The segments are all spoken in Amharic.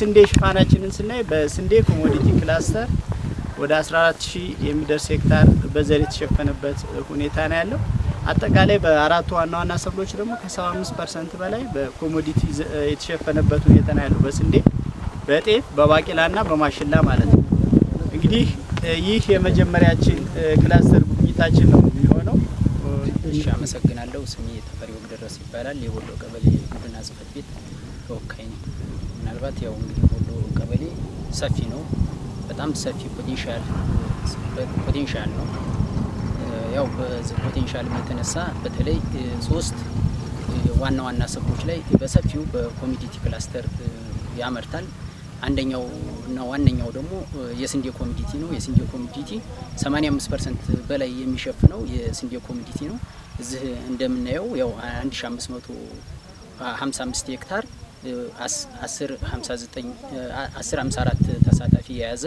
የስንዴ ሽፋናችንን ስናይ በስንዴ ኮሞዲቲ ክላስተር ወደ 14 ሺህ የሚደርስ ሄክታር በዘር የተሸፈነበት ሁኔታ ነው ያለው። አጠቃላይ በአራቱ ዋና ዋና ሰብሎች ደግሞ ከ75 ፐርሰንት በላይ በኮሞዲቲ የተሸፈነበት ሁኔታ ነው ያለው በስንዴ በጤፍ በባቄላና በማሽላ ማለት ነው። እንግዲህ ይህ የመጀመሪያችን ክላስተር ጉብኝታችን ነው የሚሆነው። እሺ፣ አመሰግናለሁ። ስሜ ተፈሪ ወግደረስ ይባላል። የወሎ ቀበሌ ግብርና ጽሕፈት ቤት ተወካይ ነው። ምናልባት ያው እንግዲህ ወሎ ቀበሌ ሰፊ ነው። በጣም ሰፊ ፖቴንሻል ነው። ያው በዚህ ፖቴንሻልም የተነሳ በተለይ ሶስት ዋና ዋና ሰብሎች ላይ በሰፊው በኮሚዲቲ ክላስተር ያመርታል። አንደኛው እና ዋነኛው ደግሞ የስንዴ ኮሚዲቲ ነው። የስንዴ ኮሚዲቲ 85 ፐርሰንት በላይ የሚሸፍነው የስንዴ ኮሚዲቲ ነው። እዚህ እንደምናየው ያው 1555 ሄክታር 1054 ተሳታፊ የያዘ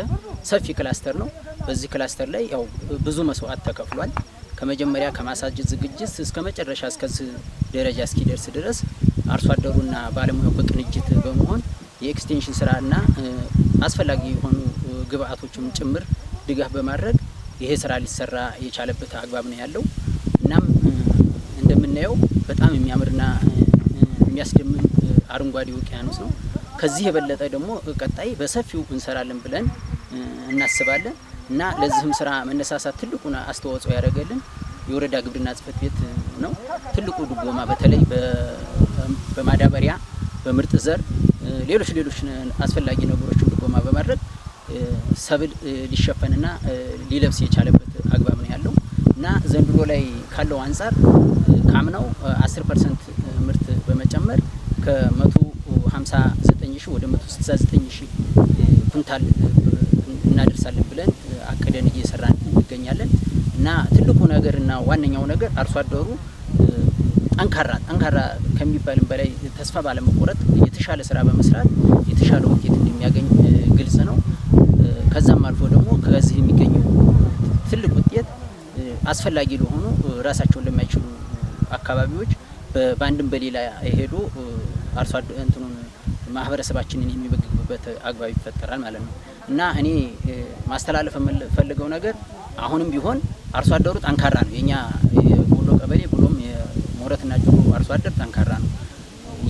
ሰፊ ክላስተር ነው። በዚህ ክላስተር ላይ ያው ብዙ መስዋዕት ተከፍሏል። ከመጀመሪያ ከማሳጅ ዝግጅት እስከ መጨረሻ እስከዚህ ደረጃ እስኪደርስ ድረስ አርሶ አደሩና ባለሙያው በቅንጅት በመሆን የኤክስቴንሽን ስራና አስፈላጊ የሆኑ ግብአቶችም ጭምር ድጋፍ በማድረግ ይሄ ስራ ሊሰራ የቻለበት አግባብ ነው ያለው። እናም እንደምናየው በጣም የሚያምርና የሚያስደምም አረንጓዴ ውቅያኖስ ነው። ከዚህ የበለጠ ደግሞ ቀጣይ በሰፊው እንሰራለን ብለን እናስባለን እና ለዚህም ስራ መነሳሳት ትልቁን አስተዋጽኦ ያደረገልን የወረዳ ግብርና ጽፈት ቤት ነው። ትልቁ ድጎማ በተለይ በማዳበሪያ፣ በምርጥ ዘር፣ ሌሎች ሌሎች አስፈላጊ ነገሮችን ድጎማ በማድረግ ሰብል ሊሸፈንና ሊለብስ የቻለበት አግባብ ነው ያለው እና ዘንድሮ ላይ ካለው አንጻር ካምናው 10 ፐርሰንት ከ159 ሺህ ወደ 169 ሺህ ኩንታል እናደርሳለን ብለን አቅደን እየሰራን እንገኛለን እና ትልቁ ነገርና ዋነኛው ነገር አርሶ አደሩ ጠንካራ ጠንካራ ከሚባልም በላይ ተስፋ ባለመቆረጥ የተሻለ ስራ በመስራት የተሻለ ውጤት እንደሚያገኝ ግልጽ ነው። ከዛም አልፎ ደግሞ ከዚህ የሚገኘው ትልቅ ውጤት አስፈላጊ ለሆኑ ራሳቸውን ለማይችሉ አካባቢዎች በአንድም በሌላ ሄዶ አርሶ እንትኑን ማህበረሰባችንን የሚበግቡበት አግባብ ይፈጠራል ማለት ነው እና እኔ ማስተላለፍ የምፈልገው ነገር አሁንም ቢሆን አርሶ አደሩ ጠንካራ ነው። የኛ ቦሎ ቀበሌ ብሎም የሞረትና ጆሮ አርሶ አደር ጠንካራ ነው።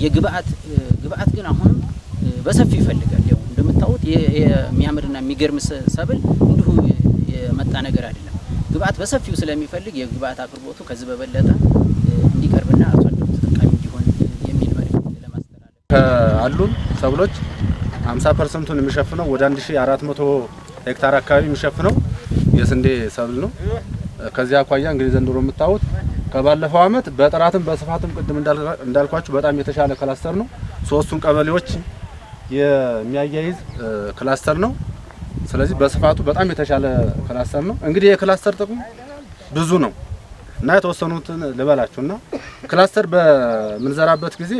የግብአት ግብአት ግን አሁንም በሰፊ ይፈልጋል። ያው እንደምታዩት የሚያምርና የሚገርም ሰብል እንዲሁ የመጣ ነገር አይደለም። ግብአት በሰፊው ስለሚፈልግ የግብአት አቅርቦቱ ከዚህ በበለጠ ከአሉን ሰብሎች 50 ፐርሰንቱን የሚሸፍነው ወደ 1400 ሄክታር አካባቢ የሚሸፍነው የስንዴ ሰብል ነው። ከዚህ አኳያ እንግዲህ ዘንድሮ የምታዩት ከባለፈው አመት በጥራትም በስፋትም ቅድም እንዳልኳችሁ በጣም የተሻለ ክላስተር ነው። ሶስቱን ቀበሌዎች የሚያያይዝ ክላስተር ነው። ስለዚህ በስፋቱ በጣም የተሻለ ክላስተር ነው። እንግዲህ የክላስተር ጥቅም ብዙ ነው እና የተወሰኑትን ልበላችሁና ክላስተር በምንዘራበት ጊዜ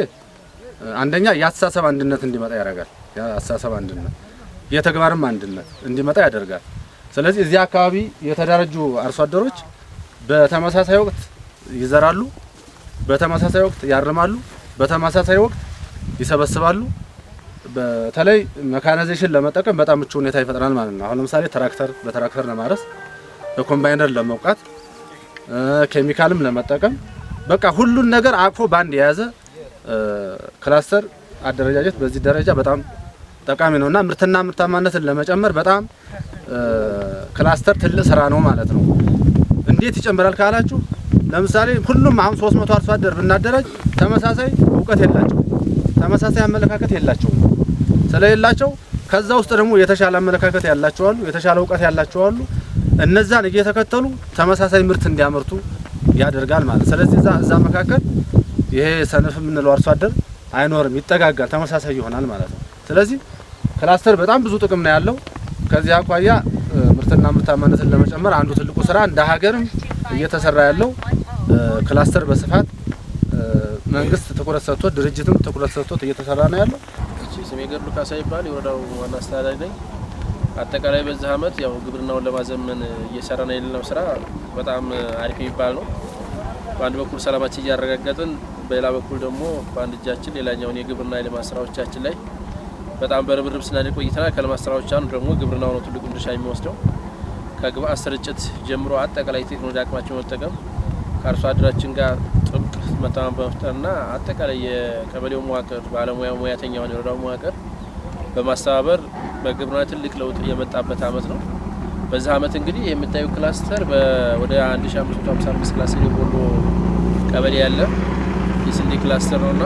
አንደኛ የአስተሳሰብ አንድነት እንዲመጣ ያደርጋል። የአስተሳሰብ አንድነት፣ የተግባርም አንድነት እንዲመጣ ያደርጋል። ስለዚህ እዚህ አካባቢ የተደራጁ አርሶ አደሮች በተመሳሳይ ወቅት ይዘራሉ፣ በተመሳሳይ ወቅት ያርማሉ፣ በተመሳሳይ ወቅት ይሰበስባሉ። በተለይ መካናይዜሽን ለመጠቀም በጣም ምቹ ሁኔታ ይፈጥራል ማለት ነው። አሁን ለምሳሌ ትራክተር በትራክተር ለማረስ በኮምባይነር ለመውቃት ኬሚካልም ለመጠቀም በቃ ሁሉን ነገር አቅፎ ባንድ የያዘ ክላስተር አደረጃጀት በዚህ ደረጃ በጣም ጠቃሚ እና ምርትና ምርታማነትን ለመጨመር በጣም ክላስተር ትልቅ ስራ ነው ማለት ነው። እንዴት ይጨምራል ካላችሁ ለምሳሌ ሁሉም አሁን 300 አርሶ አደር ብናደራጅ ተመሳሳይ እውቀት የላቸው፣ ተመሳሳይ አመለካከት የላቸውም። ስለሌላቸው ከዛ ውስጥ ደግሞ የተሻለ አመለካከት ያላቸው አሉ፣ የተሻለ እውቀት ያላቸው አሉ። እነዛን እየተከተሉ ተመሳሳይ ምርት እንዲያመርቱ ያደርጋል ማለት ስለዚህ እዛ መካከል ይሄ ሰነፍ የምንለው አርሶ አደር አይኖርም፣ ይጠጋጋል፣ ተመሳሳይ ይሆናል ማለት ነው። ስለዚህ ክላስተር በጣም ብዙ ጥቅም ነው ያለው። ከዚህ አኳያ ምርትና ምርታማነትን ለመጨመር አንዱ ትልቁ ስራ እንደ ሀገርም እየተሰራ ያለው ክላስተር በስፋት መንግስት ትኩረት ሰጥቶት ድርጅትም ትኩረት ሰጥቶት እየተሰራ ነው ያለው። ስሜ ገዱ ካሳ ይባል የወረዳው ዋና አስተዳዳሪ ነኝ። አጠቃላይ በዚህ አመት ያው ግብርናውን ለማዘመን እየሰራ ነው የሌለው ስራ በጣም አሪፍ የሚባል ነው። በአንድ በኩል ሰላማችን እያረጋገጥን በሌላ በኩል ደግሞ በአንድ እጃችን ሌላኛውን የግብርና የልማት ስራዎቻችን ላይ በጣም በርብርብ ስናደርግ ቆይተናል። ከልማት ስራዎች አንዱ ደግሞ ግብርናው ነው ትልቁን ድርሻ የሚወስደው። ከግብአት ስርጭት ጀምሮ አጠቃላይ ቴክኖሎጂ አቅማቸው መጠቀም ከአርሶ አደራችን ጋር ጥብቅ መተማመን በመፍጠርና አጠቃላይ የቀበሌው መዋቅር ባለሙያ ሙያተኛውን የወረዳው መዋቅር በማስተባበር በግብርና ትልቅ ለውጥ የመጣበት አመት ነው። በዚህ አመት እንግዲህ የምታዩ ክላስተር ወደ 1555 ክላስ የቦሎ ቀበሌ ያለ ስንዴ ክላስተር ነውና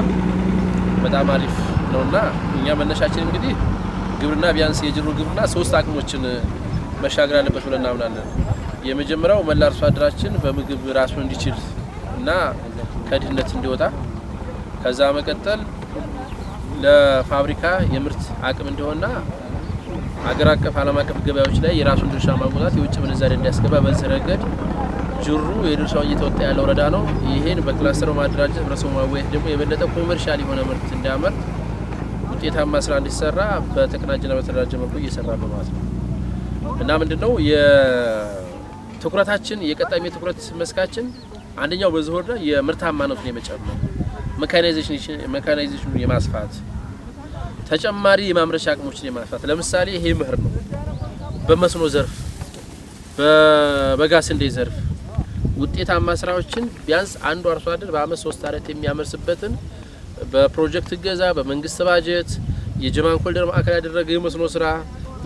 በጣም አሪፍ ነውና እኛ መነሻችን እንግዲህ ግብርና ቢያንስ የጅሩ ግብርና ሶስት አቅሞችን መሻገር አለበት ብለን እናምናለን። የመጀመሪያው መላ አርሶ አደራችን በምግብ ራሱን እንዲችል እና ከድህነት እንዲወጣ፣ ከዛ መቀጠል ለፋብሪካ የምርት አቅም እንዲሆንና አገር አቀፍ ዓለም አቀፍ ገበያዎች ላይ የራሱን ድርሻ ማውጣት የውጭ ምንዛሬ እንዲያስገባ በዚህ ረገድ ጅሩ የድርሻው እየተወጣ ያለ ወረዳ ነው። ይሄን በክላስተር ማደራጀት ህብረተሰቡ ማወያየት ደግሞ የበለጠ ኮመርሻል የሆነ ምርት እንዲያመርት ውጤታማ ስራ እንዲሰራ በተቀናጀና በተደራጀ መልኩ እየሰራ ነው ማለት ነው እና ምንድነው የትኩረታችን የቀጣሚ ትኩረት መስካችን አንደኛው በዚህ ወረዳ የምርታማነቱን የመጨመር ሜካናይዜሽኑን የማስፋት ተጨማሪ የማምረቻ አቅሞችን የማስፋት ለምሳሌ ይሄ ምህር ነው። በመስኖ ዘርፍ በበጋ ስንዴ ዘርፍ ውጤታማ ስራዎችን ቢያንስ አንዱ አርሶ አደር በአመት ሶስት አረት የሚያመርስበትን በፕሮጀክት እገዛ በመንግስት ባጀት የጀማን ኮልደር ማዕከል ያደረገ የመስኖ ስራ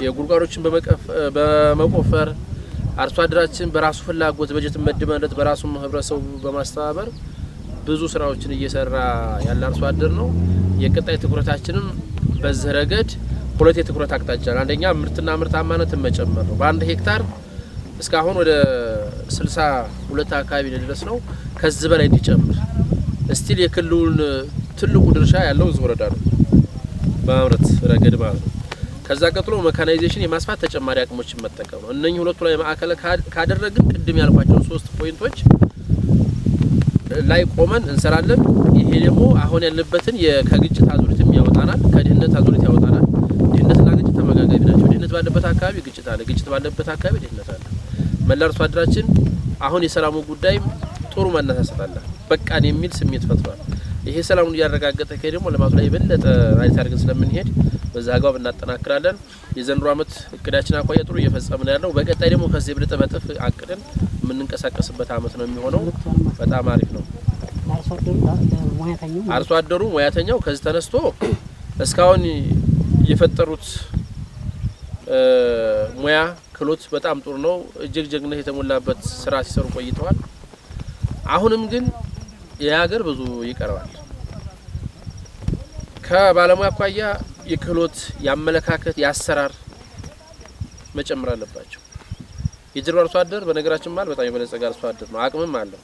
የጉድጓዶችን በመቆፈር አርሶ አደራችን በራሱ ፍላጎት በጀት መድበለት በራሱ ህብረተሰቡ በማስተባበር ብዙ ስራዎችን እየሰራ ያለ አርሶ አደር ነው። የቀጣይ ትኩረታችንም በዚህ ረገድ ሁለት የትኩረት አቅጣጫ ነው። አንደኛ ምርትና ምርታማነትን መጨመር ነው። በአንድ ሄክታር እስካሁን ወደ 60 ሁለት አካባቢ ነው ድረስ ነው። ከዚህ በላይ እንዲጨምር እስቲል የክልሉን ትልቁ ድርሻ ያለው እዚህ ወረዳ ነው በማምረት ረገድ ማለት ነው። ከዛ ቀጥሎ መካናይዜሽን የማስፋት ተጨማሪ አቅሞችን መጠቀም ነው። እነኚህ ሁለቱ ላይ ማዕከል ካደረግን ቅድም ያልኳቸውን ሶስት ፖይንቶች ላይ ቆመን እንሰራለን። ይሄ ደግሞ አሁን ያለበትን ከግጭት አዙሪትም ያወጣናል፣ ከድህነት አዙሪት ያወጣናል። ድህነትና ግጭት ተመጋጋቢ ናቸው። ድህነት ባለበት አካባቢ ግጭት አለ፣ ግጭት ባለበት አካባቢ ድህነት አለ። መላ አርሶ አደራችን አሁን የሰላሙ ጉዳይም ጥሩ መነሳሳት አለ፣ በቃን የሚል ስሜት ፈጥሯል። ይሄ ሰላሙን እያረጋገጠ ከሄደ ደግሞ ልማቱ ላይ የበለጠ ራይት አድርገን ስለምንሄድ በዛ አግባብ እናጠናክራለን። የዘንድሮ ዓመት እቅዳችን አኳያ ጥሩ እየፈጸምን ያለው በቀጣይ ደግሞ ከዚህ ብልጥ በጥፍ አቅደን የምንንቀሳቀስበት አመት ነው የሚሆነው። በጣም አሪፍ ነው። አርሶ አደሩ ሙያተኛው ከዚህ ተነስቶ እስካሁን የፈጠሩት ሙያ ክህሎት በጣም ጥሩ ነው። እጅግ ጀግነት የተሞላበት ስራ ሲሰሩ ቆይተዋል። አሁንም ግን የሀገር ብዙ ይቀርባል። ከባለሙያ አኳያ የክህሎት የአመለካከት፣ የአሰራር መጨመር አለባቸው። የጀርባ አርሶ አደር በነገራችን ማል በጣም የበለጸገ አርሶ አደር ነው። አቅምም አለው።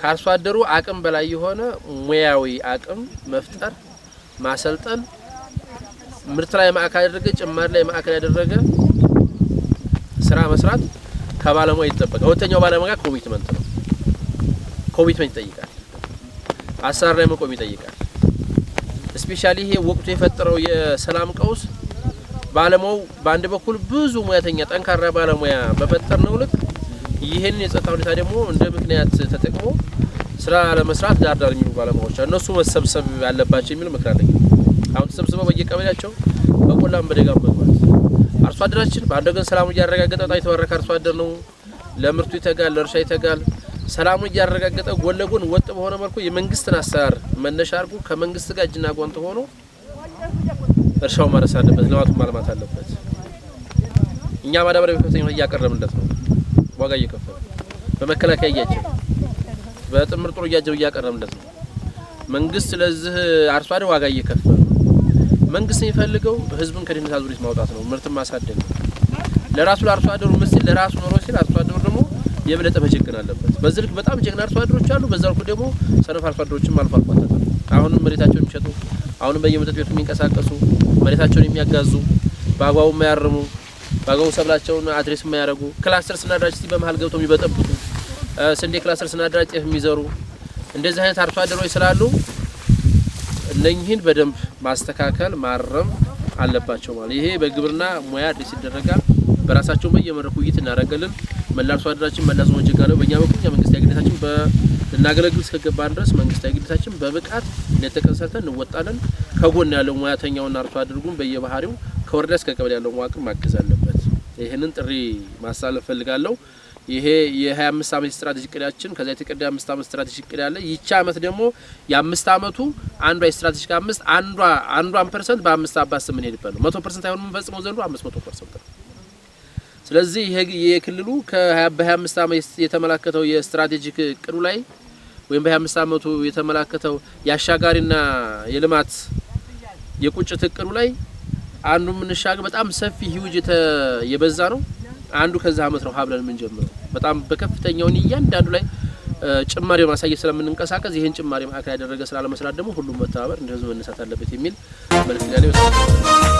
ከአርሶ አደሩ አቅም በላይ የሆነ ሙያዊ አቅም መፍጠር ማሰልጠን ምርት ላይ ማዕከል ያደረገ ጭማሪ ላይ ማዕከል ያደረገ ስራ መስራት ከባለሙያ ይጠበቃል። ሁለተኛው ባለሙያ ኮሚትመንት ነው። ኮሚትመንት ይጠይቃል። አሰራር ላይ መቆም ይጠይቃል። ስፔሻሊ ይሄ ወቅቱ የፈጠረው የሰላም ቀውስ ባለሙያው በአንድ በኩል ብዙ ሙያተኛ ጠንካራ ባለሙያ በፈጠር ነው ልክ ይህን የጸጥታ ሁኔታ ደግሞ እንደ ምክንያት ተጠቅሞ ስራ ለመስራት ዳርዳር የሚሉ ባለሙያዎች እነሱ መሰብሰብ ያለባቸው የሚል ምክር አለኝ። አሁን ተሰብስበው በየቀበሌያቸው በቆላም በደጋም መግባት አርሶ አደራችን በአንድ ወገን ሰላሙ እያረጋገጠ በጣም የተባረከ አርሶ አደር ነው። ለምርቱ ይተጋል፣ ለእርሻ ይተጋል። ሰላሙ እያረጋገጠ ጎን ለጎን ወጥ በሆነ መልኩ የመንግስትን አሰራር መነሻ አድርጎ ከመንግስት ጋር እጅና ጓንት ሆኖ እርሻው ማረስ አለበት፣ ልማቱ ማልማት አለበት። እኛ ማዳበሪያ በከፍተኛ እያቀረብለት ነው፣ ዋጋ እየከፈለ በመከላከያ እያጀብ በጥምር ጥሩ እያጀብ እያቀረብለት ነው። መንግስት ለዚህ አርሶ አደር ዋጋ እየከፈለ መንግስት የሚፈልገው ህዝቡን ከድህነት አዙሪት ማውጣት ነው፣ ምርትን ማሳደግ ነው። ለራሱ ለአርሶ አደሩ ምስል ለራሱ ኖሮ ሲል አርሶ አደሩ ደግሞ የበለጠ መጀገን አለበት። በዚህ ልክ በጣም ጀግና አርሶ አደሮች አሉ። በዛ ልኩ ደግሞ ሰነፍ አርሶ አደሮችም አልፎ አልፎ አሁንም መሬታቸውን የሚሸጡ አሁንም በየመጠጥ ቤቱ የሚንቀሳቀሱ መሬታቸውን የሚያጋዙ በአግባቡ የማያርሙ በአግባቡ ሰብላቸውን አድሬስ የማያደርጉ ክላስተር ስናደራጅ ሲ በመሀል ገብተው የሚበጠብጡ ስንዴ ክላስተር ስናደራጅ ጤፍ የሚዘሩ እንደዚህ አይነት አርሶ አደሮች ስላሉ እነኚህን በደንብ ማስተካከል ማረም አለባቸው ማለት ይሄ በግብርና ሙያ አዲስ ይደረጋል። በራሳቸው በየመድረኩ ውይይት እናደርጋለን። መላ አርሶ አደራችን መላ ዞኖች ጋር ነው። በእኛ በኩል መንግስታዊ ግዴታችን ልናገለግል እስከገባን ድረስ መንግስታዊ ግዴታችን በብቃት እንደተቀሰተን እንወጣለን። ከጎን ያለው ሙያተኛውን አርሶ አድርጉን በየባህሪው ከወረዳ እስከ ቀበሌ ያለው መዋቅር ማገዝ አለበት። ይህንን ጥሪ ማሳለፍ ፈልጋለሁ። ይሄ የ25 ዓመት ስትራቴጂ እቅዳችን ከዛ የተቀደ የአምስት ዓመት ስትራቴጂ እቅድ አለ። ይቺ ዓመት ደግሞ የአምስት ዓመቱ አንዷ የስትራቴጂክ አምስት አንዷ አንዷን ፐርሰንት በአምስት አባስ የምንሄድበት ነው። መቶ ፐርሰንት አይሆንም የምንፈጽመው ዘንድሮ አምስት መቶ ፐርሰንት ነው። ስለዚህ የክልሉ በ25 ዓመት የተመላከተው የስትራቴጂክ እቅዱ ላይ ወይም በ25 ዓመቱ የተመላከተው የአሻጋሪና የልማት የቁጭት እቅዱ ላይ አንዱ የምንሻገር በጣም ሰፊ ሂውጅ የበዛ ነው። አንዱ ከዛ አመት ነው ሀብለን የምንጀምረው። በጣም በከፍተኛውን እያንዳንዱ ላይ ጭማሪ ማሳየት ስለምንንቀሳቀስ ይህን ጭማሪ ማዕከል ያደረገ ስራ ለመስራት ደግሞ ሁሉም መተባበር እንደ ህዝብ መነሳት አለበት የሚል መልክት ያለ